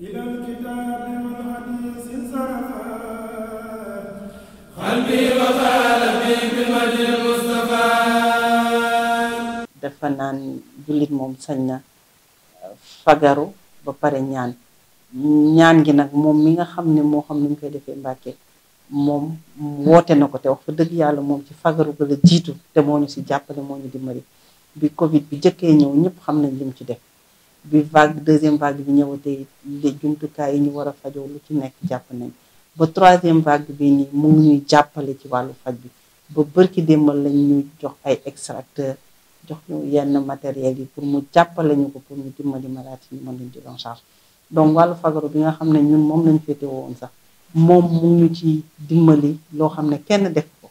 dafa naan jullit moom sañ na euh, fagaru ba pare ñaan ñaan gi nag moom mi nga xam ne moo xam ni mu koy defee Mbàkke moom woote na ko te wax fa dëgg yàlla moom ci fagaru ba la jiitu te moo ñu si jàppale moo ñu dimbali bi Covid bi jëkkee ñëw ñëpp xam nañ lim ci def bi vague deuxième vague bi ñëwatee jumtukaay yi ñu war a fajoo lu ci nekk jàpp nañ ba troisième vague bi nii mu ngi ñuy jàppale ci wàllu faj bi ba bërki démbal lañ ñuy jox ay extracteur jox ñu yenn matériel yi pour mu jàppale ñu ko pour ñu dimbali malade yi ñu mën leen jël en donc wàllu fagaru bi nga xam ne ñun moom lañ féete woon sax moom mu ñu ci dimbali loo xam ne kenn def ko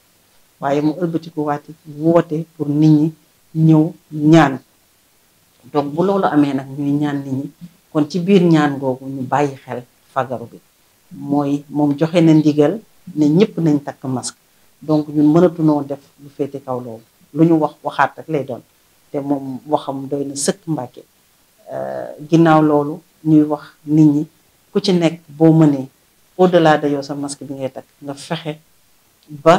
waaye mu ëlbatiku waati woote pour nit ñi ñëw ñaan donc bu loolu amee nag ñuy ñaan nit ñi kon ci biir ñaan googu ñu bàyyi xel fagaru bi mooy moom joxe na ndigal ne ñëpp nañ takk masque donc ñun mënatunoo def lu féete kaw loolu lu ñu wax waxaat rek lay doon te moom waxam doy na sëkk mbàkke euh, ginnaaw loolu ñuy wax nit ñi ku ci nekk boo mënee au delà de yow sa masque bi ngay takk nga fexe ba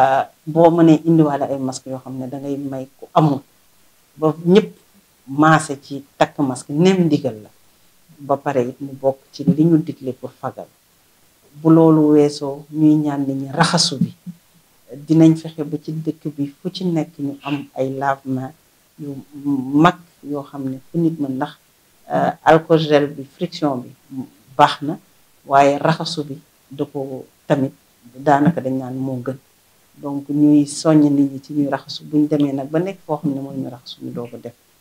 euh, boo mënee indiwaale ay masque yoo xam ne dangay may ku amul ba maase ci takk masque nem ndigal la ba pare it mu bokk ci li ñu digle pour fagal bu loolu weesoo ñuy ñaan nit ñi raxasu bi dinañ fexe ba ci dëkk bi fu ci nekk ñu am ay lave yu mag yoo xam ne fu nit ma ndax euh, alcool gel bi friction bi baax na waaye raxasu bi da ko tamit daanaka dañ naan moo gën donc ñuy soññ nit ñi ci ñuy raxasu buñ demee nag ba nekk foo xam ne mooy ñu raxasu ñu doo ko def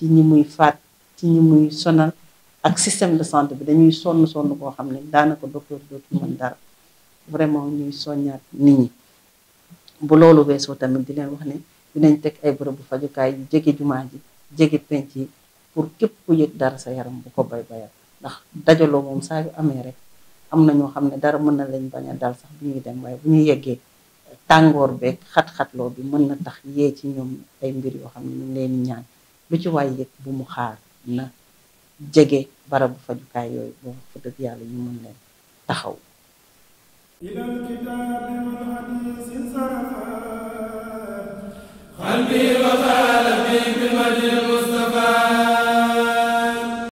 ci ñi muy faat ci ñi muy sonal ak système de santé bi dañuy sonn sonn koo xam ne daanaka docteur dootu mën dara vraiment ñuy soñaat nit ñi bu loolu weesoo tamit di leen wax ne dinañ teg ay bu fajukaay yu jege jumaa ji jege penc yi pour képp ku yëg dara sa yaram bu ko bay bayal ndax dajaloo moom saa yu amee rek am na ñoo xam ne dara mën na lañ bañ a dal sax bu ñuy dem waaye bu ñu yeggee tàngoor beeg xat-xatloo bi mën na tax yee ci ñoom ay mbir yoo xam ne ñu ngi leen ñaan lu ci waay yëg bu mu xaar na jege barabu fajukaay yooyu boobu fa yàlla ñu mën leen taxaw ilal kitaabi wal hadiisi sarafa